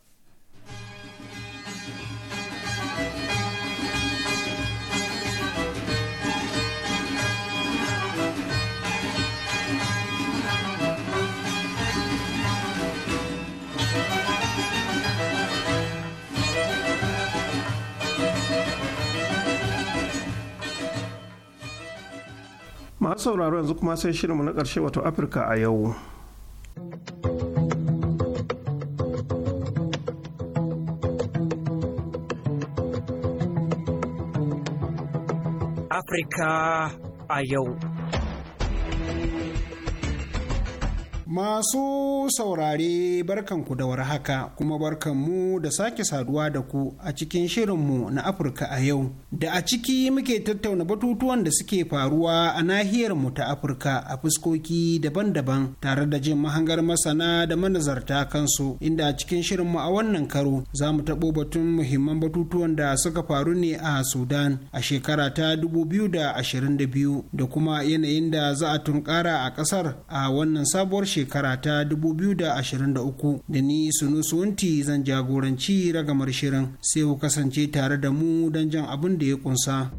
masu sauraro yanzu kuma sai shirinmu na ƙarshe wato afirka a yau afirka a yau Masu saurare barkanku da warhaka kuma barkanmu da sake saduwa da ku a cikin shirinmu na Afirka a yau. Da a ciki muke tattauna batutuwan da suke faruwa a nahiyarmu ta Afirka a fuskoki daban-daban tare da jin mahangar masana da manazarta kansu inda a cikin shirinmu a wannan karo za mu taɓo batun muhimman batutuwan da suka faru ne a Sudan a shekara ta 2022 da kuma yanayin da za a tunkara a ƙasar a wannan sabuwar shekara. shekara ta 2023 da ni sunu suwanti zan jagoranci ragamar shirin sai ku kasance tare da mu don jan abin da ya kunsa.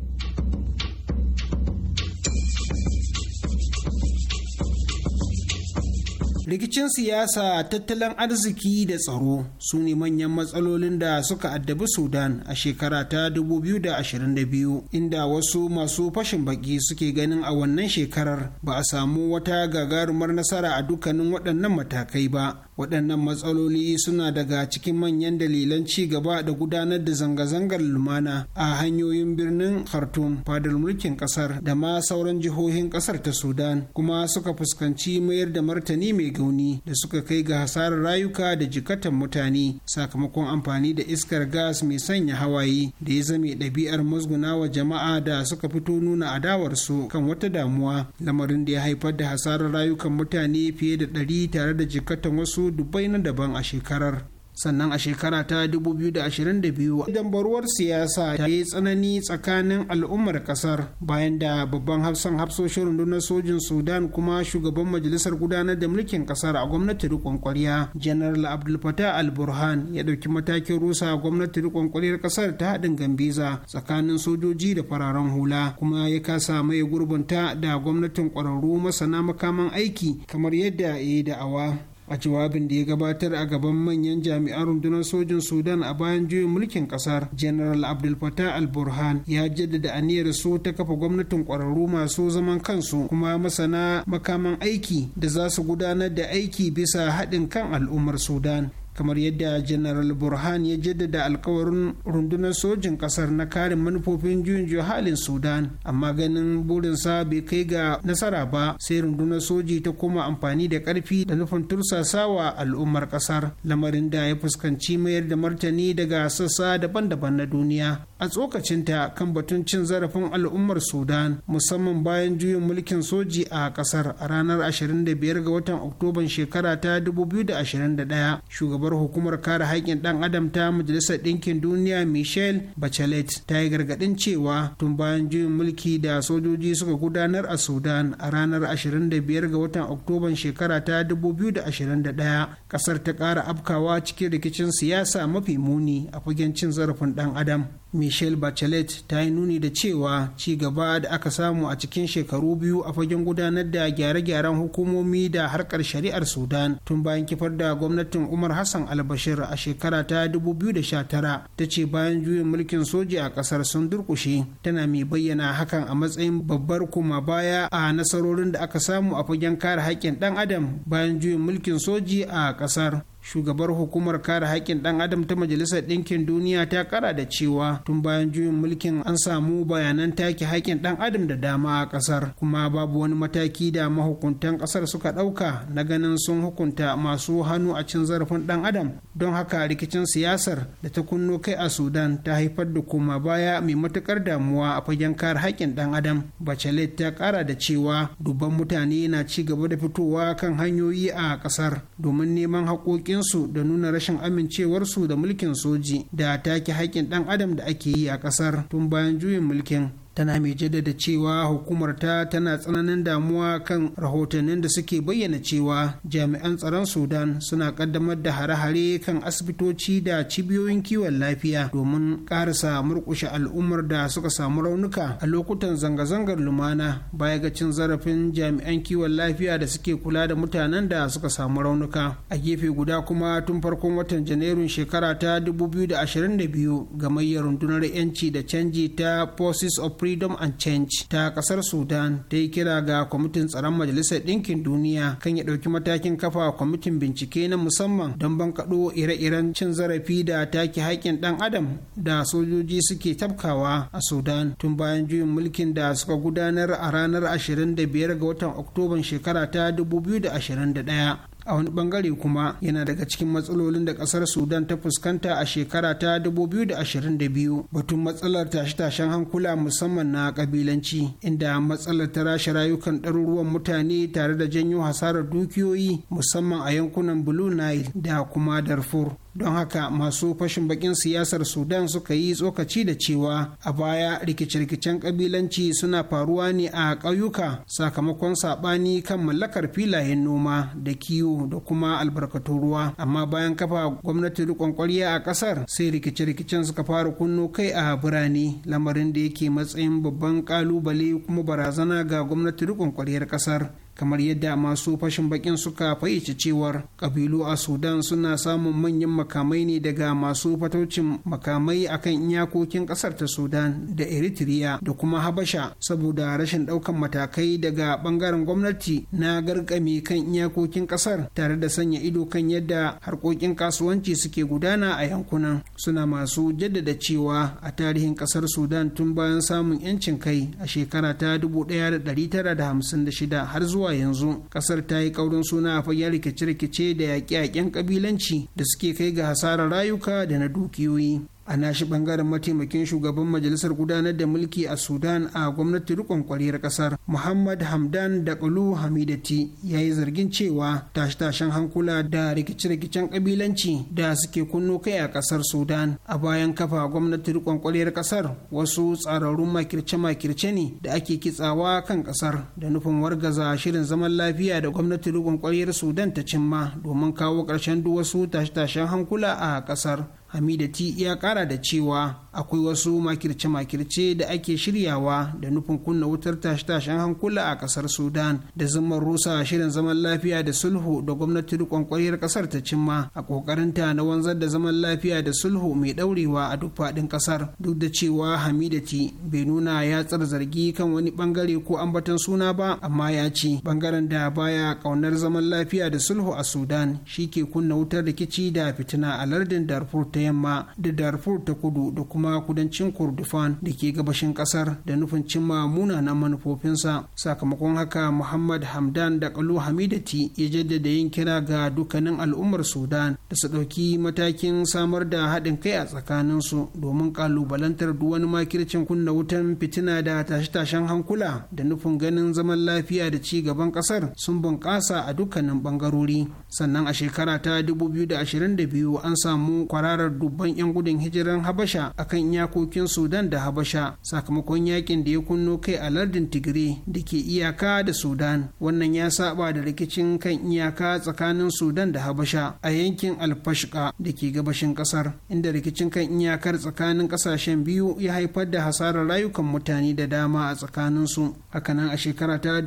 rikicin siyasa tattalin arziki da tsaro su ne manyan matsalolin da suka addabi sudan a shekara ta 2022 inda wasu masu fashin baki suke ganin a wannan shekarar ba a samu wata gagarumar nasara a dukkanin waɗannan matakai ba waɗannan matsaloli suna daga cikin manyan dalilan ci gaba da gudanar da zanga-zangar lumana a hanyoyin birnin khartoum fadar mulkin ƙasar da ma sauran jihohin ƙasar ta sudan kuma suka fuskanci mayar da martani mai gauni da suka kai ga hasarar rayuka da jikatan mutane sakamakon amfani da iskar gas mai sanya hawaye da ya zame ɗabi'ar musgunawa jama'a da suka fito nuna adawarsu kan wata damuwa lamarin da ya haifar da hasarar rayukan mutane fiye da ɗari tare da jikatan wasu Dubai dubbai na daban a shekarar sannan a shekara ta 2022 dambaruwar siyasa ta yi tsanani tsakanin al'ummar kasar bayan da babban hafsan hafsoshin rundunar sojin sudan kuma shugaban majalisar gudanar da mulkin kasar a gwamnati rikon kwarya general abdul fatah al burhan ya dauki matakin rusa a gwamnati rikon kwaryar kasar ta haɗin gambiza tsakanin sojoji da fararen hula kuma ya kasa mai gurbinta da gwamnatin kwararru masana makaman aiki kamar yadda ya yi da'awa a jawabin da ya gabatar a gaban manyan jami'an rundunar sojin sudan a bayan juyin mulkin kasar general abdul fatah al-burhan ya jaddada aniyar su ta kafa gwamnatin kwararru masu zaman kansu kuma masana makaman aiki da za su gudanar da aiki bisa haɗin kan al'ummar sudan kamar yadda general burhan ya jaddada alkawarin rundunar sojin kasar na karin manufofin juyin juya halin sudan amma ganin burinsa bai kai ga nasara ba sai rundunar soji ta koma amfani da karfi da nufin tursasawa al'ummar kasar lamarin da ya fuskanci mayar da martani daga sassa daban-daban na duniya a tsokacinta kan batun cin zarafin al'ummar sudan musamman bayan juyin mulkin soji a kasar a ranar 25 ga watan oktoban shekara ta 2021 shugabar hukumar kare haƙƙin ɗan adam ta majalisar ɗinkin duniya michelle bachelet ta yi gargaɗin cewa tun bayan juyin mulki da sojoji suka gudanar a sudan a ranar 25 ga watan oktoban shekara ta 2021 kasar ta ƙara afkawa cikin rikicin siyasa mafi muni a fagen cin zarafin ɗan adam michelle bachelet ta yi nuni da cewa ci gaba da aka samu a cikin shekaru biyu a fagen gudanar da gyare-gyaren hukumomi da harkar shari'ar sudan tun bayan kifar da gwamnatin umar hassan albashir a shekara ta 2019 ta ce bayan juyin mulkin soji a kasar sun durkushe tana mai bayyana hakan a matsayin babbar kuma baya a nasarorin da aka samu a fagen kare haƙƙin ɗan adam bayan juyin mulkin soji a kasar shugabar hukumar kare haƙƙin ɗan adam ta majalisar ɗinkin duniya ta ƙara da cewa tun bayan juyin mulkin an samu bayanan take haƙƙin ɗan adam da dama a ƙasar kuma babu wani mataki da mahukuntan ƙasar suka ɗauka na ganin sun hukunta masu hannu a cin zarafin ɗan adam don haka rikicin siyasar da ta kunno kai a sudan ta haifar da koma baya mai matuƙar damuwa a fagen kare haƙƙin ɗan adam bachelet ta kara da cewa dubban mutane na ci gaba da fitowa kan hanyoyi a ƙasar domin neman haƙoƙin bakinsu da nuna rashin amincewarsu da mulkin soji da take haƙƙin ɗan adam da ake yi a ƙasar tun bayan juyin mulkin tana mai jaddada cewa hukumar ta tana tsananin damuwa kan rahotannin da suke bayyana cewa jami'an tsaron sudan suna kaddamar da hare-hare kan asibitoci da cibiyoyin kiwon lafiya domin karisa murkushe al'ummar da suka samu raunuka a lokutan zanga-zangar lumana baya ga cin zarafin jami'an kiwon lafiya da suke kula da mutanen da suka samu raunuka a gefe guda kuma tun farkon watan janairun shekara ta 2022 gamayyar rundunar 'yanci da canji ta forces of freedom and change ta kasar sudan ta yi kira ga kwamitin tsaron majalisar ɗinkin duniya kan ya ɗauki matakin kafa kwamitin bincike na musamman don bankaɗo ire-iren cin zarafi da take haƙƙin ɗan adam da sojoji suke tafkawa a sudan tun bayan juyin mulkin da suka gudanar a ranar 25 ga watan oktoban shekara ta 2021 a wani bangare kuma yana daga cikin matsalolin da kasar sudan ta fuskanta a shekara ta 2022 batun matsalar tashe-tashen hankula musamman na kabilanci inda matsalar ta rashe rayukan ɗaruruwan mutane tare da janyo hasarar dukiyoyi musamman a yankunan blue nile da kuma darfur don haka masu fashin bakin siyasar sudan suka yi tsokaci da cewa a baya rikice-rikicen kabilanci suna faruwa ne a ƙauyuka sakamakon saɓani kan mallakar filayen noma da kiwo da kuma albarkatun ruwa amma bayan kafa gwamnati rikon kwarya a ƙasar sai rikice-rikicen suka fara kunno kai a birane lamarin da yake matsayin babban ƙalubale kuma barazana ga gwamnati rikon kwaryar ƙasar kamar yadda masu fashin bakin suka fayyace cewar kabilu a sudan suna samun manyan makamai ne daga masu fataucin makamai akan iyakokin kasar ta sudan da eritrea da kuma habasha saboda rashin daukan matakai daga bangaren gwamnati na gargame kan iyakokin kasar tare da sanya ido kan yadda harkokin kasuwanci suke gudana a yankunan suna masu jaddada cewa a tarihin kasar sudan tun bayan samun 'yancin kai a shekara ta 1956 har zuwa zuwa yanzu kasar ta yi kaurin suna a fagen rikice-rikice da yaƙe-yaƙen ƙabilanci da suke kai ga hasarar rayuka da na dukiyoyi a nashi bangaren mataimakin shugaban majalisar gudanar da mulki a sudan a gwamnatin rikon kwaliyar kasar muhammad hamdan da dakalu hamidati ya yi zargin cewa tashe-tashen hankula da rikice-rikicen kabilanci da suke kunno kai a kasar sudan a bayan kafa gwamnati rikon kwaliyar kasar wasu tsararrun makirce-makirce ne da ake kitsawa kan kasar da nufin wargaza shirin zaman lafiya da gwamnatin rikon kwaliyar sudan ta cimma domin kawo ƙarshen duk wasu tashe-tashen hankula a kasar hamidati ya kara da cewa akwai wasu makirce-makirce da ake shiryawa da nufin kunna wutar tashe-tashen hankula a kasar sudan da zaman rusa shirin zaman lafiya da sulhu da gwamnati rikon ƙasar kasar ta cimma a kokarinta na wanzar da zaman lafiya da sulhu mai daurewa a duk faɗin kasar duk da cewa hamidati bai nuna yatsar zargi kan wani bangare ko ambaton suna ba amma ya ce bangaren da baya kaunar zaman lafiya da sulhu a sudan shi ke kunna wutar rikici da fitina a lardin darfur ta yamma da darfur ta kudu da kuma kuma kudancin kurdufan da ke gabashin kasar da nufin cimma munanan manufofinsa sakamakon haka muhammad hamdan da kalu hamidati ya jaddada yin kira ga dukkanin al'ummar sudan da su ɗauki matakin samar da haɗin kai a tsakaninsu domin kalubalantar duk wani makircin kunna wutan fitina da tashe-tashen hankula da nufin ganin zaman lafiya da ci gaban kasar sun bunƙasa a dukkanin bangarori sannan a shekara ta 2022 an samu kwararar dubban 'yan gudun hijiran habasha a kan iyakokin sudan da habasha sakamakon yakin da ya kunno kai a lardin tigray da ke iyaka da sudan wannan ya saba da rikicin kan iyaka tsakanin sudan da habasha a yankin alfashka da ke gabashin kasar inda rikicin kan iyakar tsakanin kasashen biyu ya haifar da hasarar rayukan mutane da dama a tsakanin tsakaninsu hakanan a shekara ta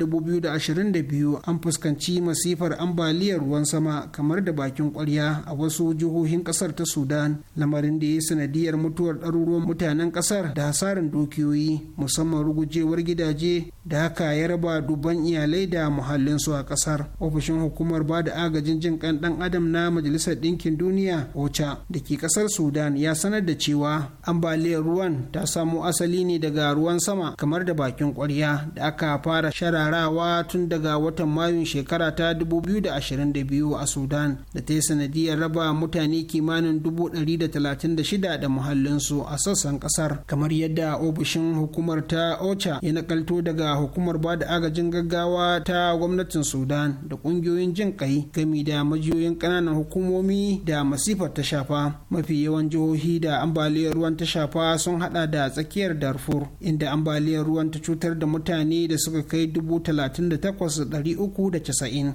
biyu an fuskanci masifar ambaliyar ruwan sama kamar da bakin kwarya a wasu jihohin kasar ta sudan lamarin da ya yi sanadiyar mutuwar ruwan mutanen kasar da hasarin dukiyoyi musamman rugujewar gidaje da haka ya raba duban iyalai da muhallinsu a kasar ofishin hukumar ba da agajin jin kan dan adam na majalisar ɗinkin duniya ocha da ke kasar sudan ya sanar da cewa ambaliyar ruwan ta samo asali ne daga ruwan sama kamar da bakin ƙwarya da aka fara shararawa tun daga watan mayun shekara ta 2022 a sudan da ta yi sanadiyar raba mutane kimanin 136 da muhallinsu a sassan kasar kamar yadda ofishin hukumar ta ocha ya nakalto daga hukumar ba da agajin gaggawa ta gwamnatin sudan da kungiyoyin jin kai gami da majiyoyin kananan hukumomi da masifar ta shafa mafi yawan jihohi da ambaliyar ruwan ta shafa sun hada da tsakiyar darfur inda ambaliyar ruwan ta cutar da mutane da suka kai dubu talatin da takwas uku da casa'in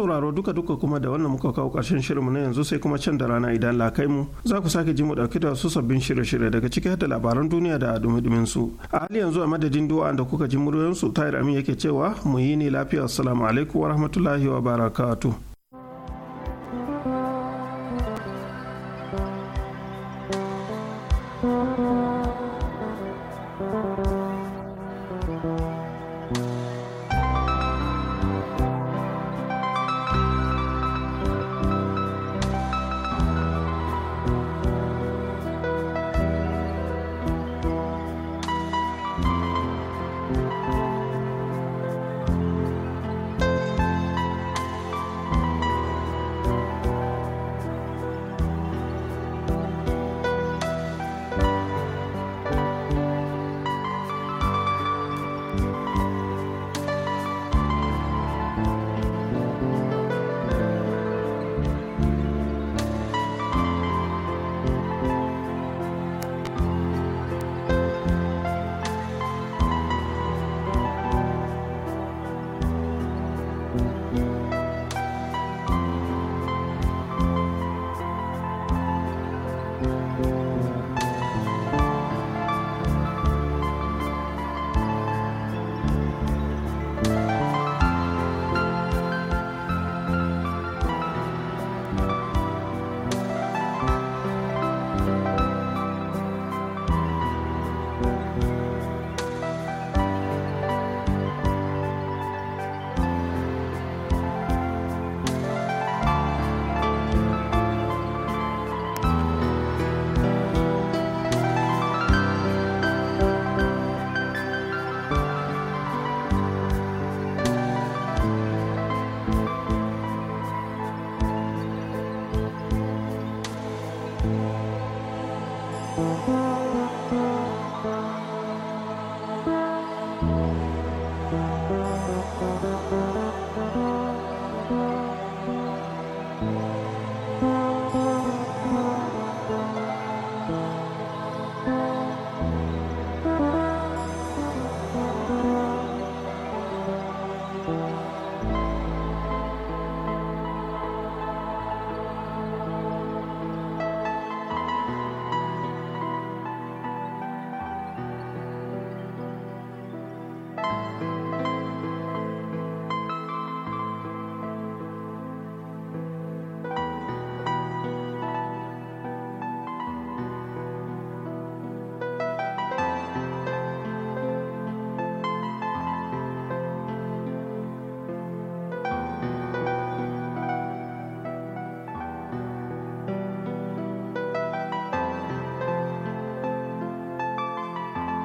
sauraro duka duka kuma da wannan muka kawo ƙarshen shirinmu na yanzu sai kuma can da rana idan lakai mu za ku sake ji mu dauki da su sabbin shirye-shirye daga ciki da labaran duniya da dumi su. A hali yanzu a madadin du'a da kuka ji muryoyinsu tayar Amin yake cewa mu yi ne lafiya assalamu alaikum wa rahmatullahi wa barakatu.